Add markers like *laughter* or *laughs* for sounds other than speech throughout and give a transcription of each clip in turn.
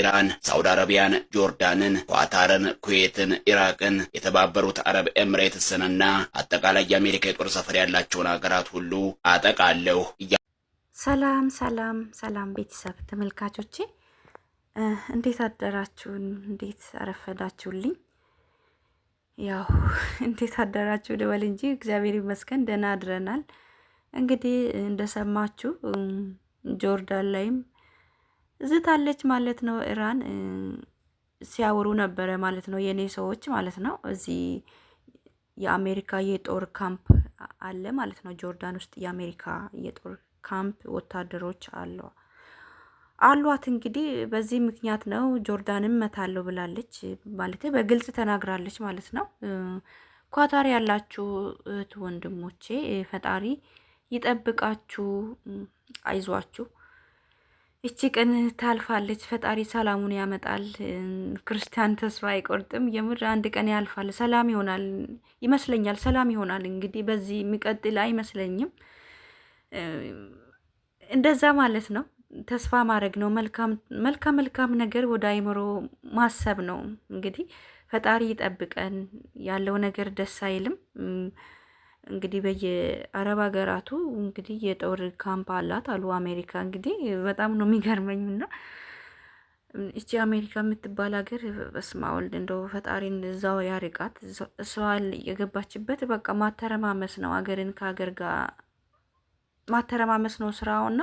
ኢራን፣ ሳውዲ አረቢያን፣ ጆርዳንን፣ ኳታርን፣ ኩዌትን፣ ኢራቅን፣ የተባበሩት አረብ ኤምሬትስንና አጠቃላይ የአሜሪካ የጦር ሰፈር ያላቸውን ሀገራት ሁሉ አጠቃለሁ። ሰላም ሰላም ሰላም ቤተሰብ ተመልካቾቼ እንዴት አደራችሁን? እንዴት አረፈዳችሁልኝ? ያው *laughs* እንዴት አደራችሁ ልበል እንጂ እግዚአብሔር ይመስገን ደህና አድረናል። እንግዲህ እንደሰማችሁ ጆርዳን ላይም ዝታለች ማለት ነው። ኢራን ሲያወሩ ነበረ ማለት ነው። የእኔ ሰዎች ማለት ነው። እዚህ የአሜሪካ የጦር ካምፕ አለ ማለት ነው። ጆርዳን ውስጥ የአሜሪካ የጦር ካምፕ ወታደሮች አሉ አሏት። እንግዲህ በዚህ ምክንያት ነው ጆርዳንም መታለው ብላለች ማለት በግልጽ ተናግራለች ማለት ነው። ኳታር ያላችሁ እህት ወንድሞቼ ፈጣሪ ይጠብቃችሁ፣ አይዟችሁ። እቺ ቀን ታልፋለች። ፈጣሪ ሰላሙን ያመጣል። ክርስቲያን ተስፋ አይቆርጥም። የምር አንድ ቀን ያልፋል፣ ሰላም ይሆናል ይመስለኛል። ሰላም ይሆናል እንግዲህ በዚህ የሚቀጥል አይመስለኝም። እንደዛ ማለት ነው። ተስፋ ማድረግ ነው። መልካም መልካም ነገር ወደ አይምሮ ማሰብ ነው። እንግዲህ ፈጣሪ ይጠብቀን። ያለው ነገር ደስ አይልም። እንግዲህ በየአረብ ሀገራቱ እንግዲህ የጦር ካምፕ አላት አሉ አሜሪካ። እንግዲህ በጣም ነው የሚገርመኝ እና እቺ አሜሪካ የምትባል ሀገር በስመ አብ ወልድ እንደው ፈጣሪን እዛው ያርቃት። እሷል የገባችበት በቃ ማተረማመስ ነው፣ ሀገርን ከሀገር ጋር ማተረማመስ ነው ስራው። እና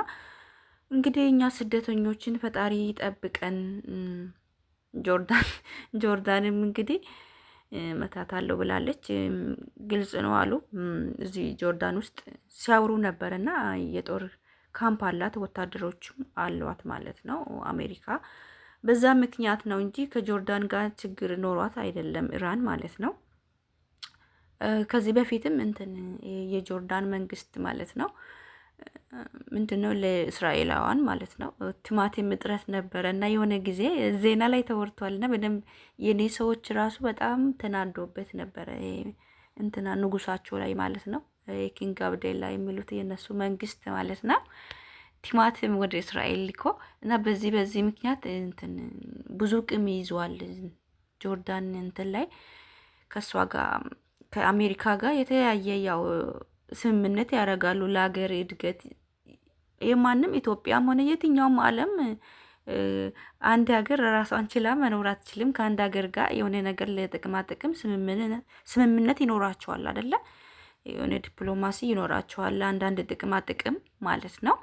እንግዲህ እኛ ስደተኞችን ፈጣሪ ይጠብቀን። ጆርዳን ጆርዳንም እንግዲህ አለው ብላለች። ግልጽ ነው አሉ። እዚህ ጆርዳን ውስጥ ሲያወሩ ነበር እና የጦር ካምፕ አላት፣ ወታደሮችም አሏት ማለት ነው አሜሪካ። በዛ ምክንያት ነው እንጂ ከጆርዳን ጋር ችግር ኖሯት አይደለም ኢራን ማለት ነው። ከዚህ በፊትም እንትን የጆርዳን መንግስት ማለት ነው ምንድነው ለእስራኤላውያን ማለት ነው ቲማቲም እጥረት ነበረ እና የሆነ ጊዜ ዜና ላይ ተወርቷል እና በደንብ የኔ ሰዎች ራሱ በጣም ተናዶበት ነበረ። እንትና ንጉሳቸው ላይ ማለት ነው የኪንግ አብዴላ የሚሉት የነሱ መንግስት ማለት ነው ቲማቲም ወደ እስራኤል ልኮ እና በዚህ በዚህ ምክንያት እንትን ብዙ ቅም ይዟል። ጆርዳን እንትን ላይ ከእሷ ጋር ከአሜሪካ ጋር የተለያየ ያው ስምምነት ያደርጋሉ ለሀገር እድገት። የማንም ኢትዮጵያም ሆነ የትኛውም ዓለም አንድ ሀገር ራሷን ችላ መኖር አትችልም። ከአንድ ሀገር ጋር የሆነ ነገር ለጥቅማ ጥቅም ስምምነት ይኖራቸዋል አደለ? የሆነ ዲፕሎማሲ ይኖራቸዋል አንዳንድ ጥቅማ ጥቅም ማለት ነው።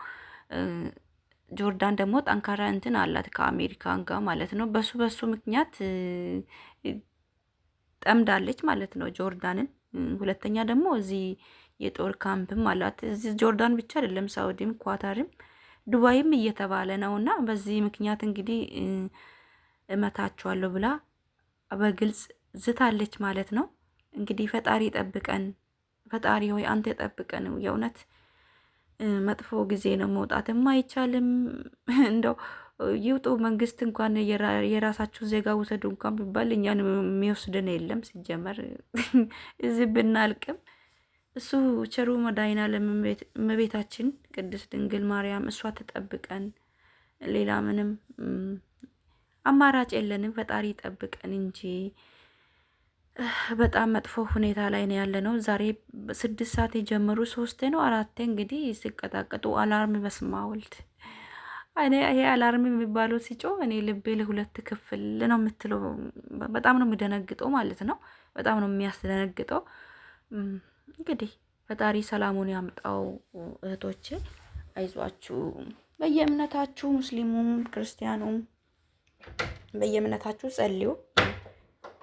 ጆርዳን ደግሞ ጠንካራ እንትን አላት ከአሜሪካን ጋር ማለት ነው። በሱ በሱ ምክንያት ጠምዳለች ማለት ነው ጆርዳንን። ሁለተኛ ደግሞ እዚህ የጦር ካምፕም አላት። እዚህ ጆርዳን ብቻ አይደለም፣ ሳውዲም፣ ኳታርም ዱባይም እየተባለ ነው። እና በዚህ ምክንያት እንግዲህ እመታችኋለሁ ብላ በግልጽ ዝታለች ማለት ነው። እንግዲህ ፈጣሪ ጠብቀን፣ ፈጣሪ ሆይ አንተ ጠብቀን። የእውነት መጥፎ ጊዜ ነው፣ መውጣትም አይቻልም። *laughs* እንደው ይውጡ መንግስት እንኳን የራሳችሁን ዜጋ ውሰዱ እንኳን ቢባል እኛን የሚወስድን የለም። ሲጀመር *laughs* እዚህ ብናልቅም እሱ ቸሩ መድኃኔዓለም እመቤታችን ቅድስት ድንግል ማርያም እሷ ትጠብቀን። ሌላ ምንም አማራጭ የለንም። ፈጣሪ ጠብቀን እንጂ በጣም መጥፎ ሁኔታ ላይ ነው ያለ ነው። ዛሬ ስድስት ሰዓት የጀመሩ ሶስቴ ነው አራቴ እንግዲህ ሲቀጣቀጡ አላርም በስማወልድ እኔ ይሄ አላርም የሚባለው ሲጮ እኔ ልቤ ለሁለት ክፍል ነው የምትለው። በጣም ነው የሚደነግጠው ማለት ነው። በጣም ነው የሚያስደነግጠው። እንግዲህ ፈጣሪ ሰላሙን ያምጣው። እህቶች አይዟችሁ። በየእምነታችሁ ሙስሊሙም ክርስቲያኑም በየእምነታችሁ ጸልዩ።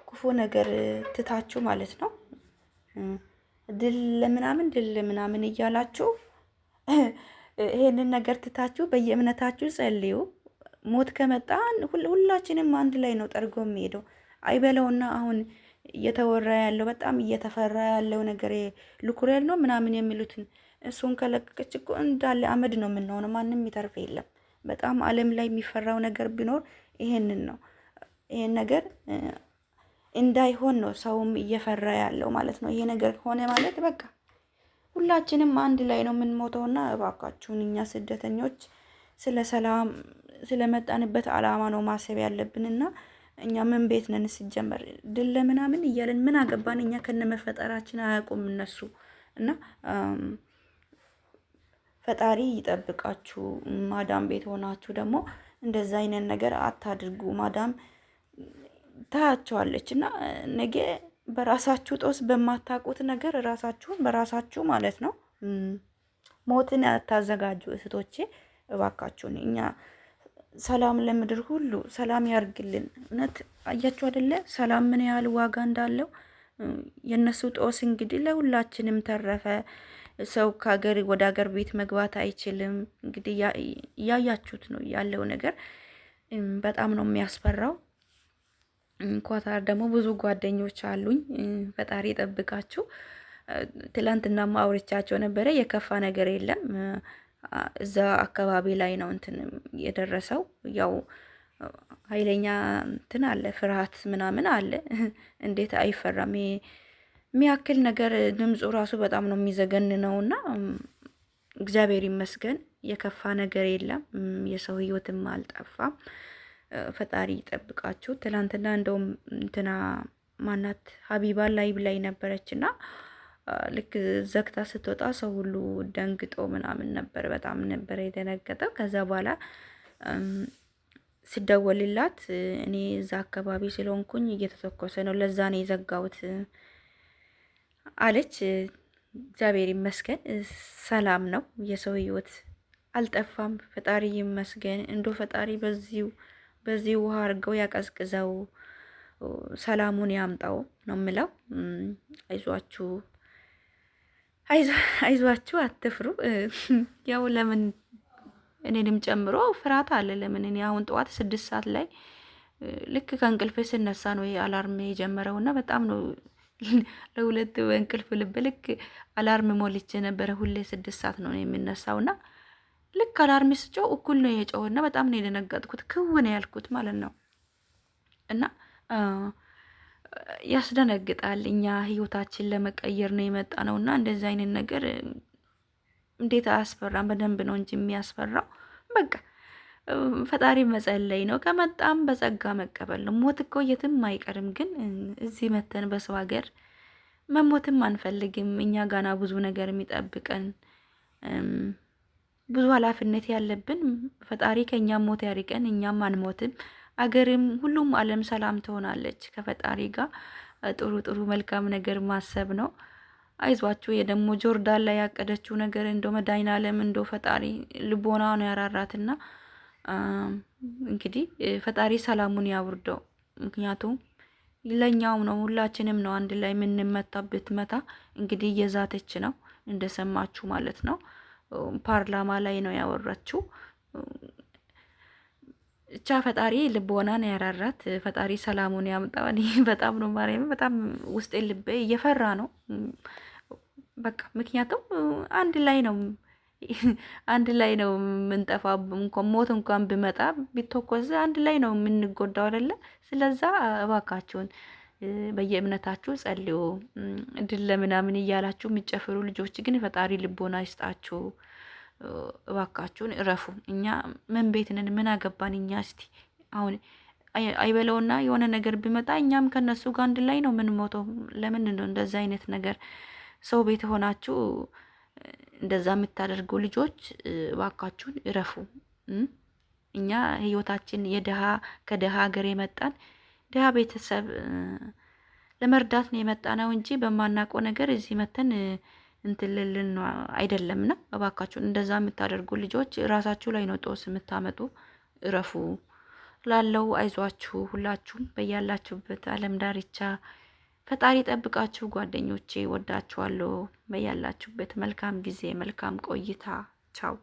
ክፉ ነገር ትታችሁ ማለት ነው። ድል ለምናምን ድል ለምናምን እያላችሁ *laughs* ይሄንን ነገር ትታችሁ በየእምነታችሁ ጸልዩ። ሞት ከመጣ ሁላችንም አንድ ላይ ነው ጠርጎ የሚሄደው። አይበለውና አሁን እየተወራ ያለው በጣም እየተፈራ ያለው ነገር ሉኩሬል ነው ምናምን የሚሉትን እሱን ከለቀቀች እኮ እንዳለ አመድ ነው የምንሆነው። ማንም የሚተርፍ የለም። በጣም ዓለም ላይ የሚፈራው ነገር ቢኖር ይሄንን ነው። ይሄን ነገር እንዳይሆን ነው ሰውም እየፈራ ያለው ማለት ነው። ይሄ ነገር ሆነ ማለት በቃ ሁላችንም አንድ ላይ ነው የምንሞተውና እባካችሁን እኛ ስደተኞች ስለ ሰላም ስለመጣንበት አላማ ነው ማሰብ ያለብንና እኛ ምን ቤት ነን ሲጀመር ድል ለምናምን እያለን ምን አገባን እኛ መፈጠራችን አያውቁም እነሱ እና ፈጣሪ ይጠብቃችሁ። ማዳም ቤት ሆናችሁ ደግሞ እንደዛ አይነት ነገር አታድርጉ። ማዳም ታያቸዋለች እና ነገ በራሳችሁ ጦስ በማታውቁት ነገር ራሳችሁን በራሳችሁ ማለት ነው ሞትን አታዘጋጁ እህቶቼ እባካችሁን እኛ ሰላም ለምድር ሁሉ ሰላም ያርግልን። እውነት አያችሁ አደለ ሰላም ምን ያህል ዋጋ እንዳለው። የእነሱ ጦስ እንግዲህ ለሁላችንም ተረፈ። ሰው ከሀገር ወደ ሀገር ቤት መግባት አይችልም። እንግዲህ እያያችሁት ነው ያለው ነገር በጣም ነው የሚያስፈራው። ኳታር ደግሞ ብዙ ጓደኞች አሉኝ። ፈጣሪ ጠብቃችሁ። ትላንትና አውርቻቸው ነበረ። የከፋ ነገር የለም። እዛ አካባቢ ላይ ነው እንትን የደረሰው። ያው ኃይለኛ እንትን አለ፣ ፍርሃት ምናምን አለ። *laughs* እንዴት አይፈራም? የሚያክል ነገር ድምፁ ራሱ በጣም ነው የሚዘገን ነው። እና እግዚአብሔር ይመስገን የከፋ ነገር የለም፣ የሰው ህይወትም አልጠፋም። ፈጣሪ ይጠብቃችሁ። ትላንትና እንደውም እንትና ማናት ሀቢባ ላይብ ላይ ነበረች እና ልክ ዘግታ ስትወጣ ሰው ሁሉ ደንግጦ ምናምን ነበር። በጣም ነበር የደነገጠው። ከዛ በኋላ ሲደወልላት እኔ እዛ አካባቢ ስለሆንኩኝ እየተተኮሰ ነው፣ ለዛ ነው የዘጋሁት አለች። እግዚአብሔር ይመስገን ሰላም ነው። የሰው ህይወት አልጠፋም። ፈጣሪ ይመስገን። እንዶ ፈጣሪ በዚሁ በዚህ ውሃ አድርገው ያቀዝቅዘው፣ ሰላሙን ያምጣው ነው የምለው። አይዟችሁ አይዟችሁ አትፍሩ። *laughs* ያው ለምን እኔንም ጨምሮ ፍርሃት አለ። ለምን እኔ አሁን ጠዋት ስድስት ሰዓት ላይ ልክ ከእንቅልፍ ስነሳ ነው አላርም የጀመረው እና በጣም ነው *laughs* ለሁለት በእንቅልፍ ልብ ልክ አላርም ሞልቼ ነበረ። ሁሌ ስድስት ሰዓት ነው የሚነሳው እና ልክ አላርም ስጮው እኩል ነው የጮው እና በጣም ነው የደነገጥኩት። ክውን ያልኩት ማለት ነው እና ያስደነግጣል። እኛ ህይወታችን ለመቀየር ነው የመጣ ነው እና እንደዚህ አይነት ነገር እንዴት አያስፈራም? በደንብ ነው እንጂ የሚያስፈራው። በቃ ፈጣሪ መጸለይ ነው። ከመጣም በጸጋ መቀበል ነው። ሞት እኮ የትም አይቀርም፣ ግን እዚህ መተን በሰው ሀገር መሞትም አንፈልግም። እኛ ጋና ብዙ ነገር የሚጠብቀን ብዙ ኃላፊነት ያለብን ፈጣሪ ከእኛም ሞት ያርቀን፣ እኛም አንሞትም። አገርም ሁሉም ዓለም ሰላም ትሆናለች። ከፈጣሪ ጋር ጥሩ ጥሩ መልካም ነገር ማሰብ ነው። አይዟችሁ። የደግሞ ጆርዳን ላይ ያቀደችው ነገር እንደ አለም እንደ ፈጣሪ ልቦና ነው ያራራትና እንግዲህ ፈጣሪ ሰላሙን ያውርደው። ምክንያቱም ለእኛውም ነው ሁላችንም ነው አንድ ላይ የምንመታበት መታ እንግዲህ እየዛተች ነው እንደሰማችሁ ማለት ነው። ፓርላማ ላይ ነው ያወራችው። ብቻ ፈጣሪ ልቦናን ያራራት፣ ፈጣሪ ሰላሙን ያምጣ። በጣም ነው ማርያም፣ በጣም ውስጤ ልቤ እየፈራ ነው። በቃ ምክንያቱም አንድ ላይ ነው አንድ ላይ ነው የምንጠፋ። እንኳን ሞት እንኳን ብመጣ ቢተኮስ አንድ ላይ ነው የምንጎዳው አይደለ? ስለዛ እባካችሁን በየእምነታችሁ ጸልዩ። ድል ለምናምን እያላችሁ የሚጨፍሩ ልጆች ግን ፈጣሪ ልቦና ይስጣችሁ። እባካችሁን እረፉ። እኛ ምን ቤት ነን? ምን አገባን እኛ? እስቲ አሁን አይበለውና የሆነ ነገር ቢመጣ እኛም ከነሱ ጋር አንድ ላይ ነው ሞቶ ለምን ነው እንደዛ አይነት ነገር ሰው ቤት ሆናችሁ እንደዛ የምታደርጉ ልጆች እባካችሁን እረፉ። እኛ ህይወታችን የድሃ ከድሃ ሀገር የመጣን ድሃ ቤተሰብ ለመርዳት ነው የመጣ ነው እንጂ በማናውቀው ነገር እዚህ መተን እንትልልን አይደለምና፣ እባካችሁን እንደዛ የምታደርጉ ልጆች ራሳችሁ ላይ ነው ጦስ የምታመጡ። እረፉ ላለው አይዟችሁ። ሁላችሁም በያላችሁበት አለም ዳርቻ ፈጣሪ ጠብቃችሁ። ጓደኞቼ ወዳችኋለሁ። በያላችሁበት መልካም ጊዜ፣ መልካም ቆይታ። ቻው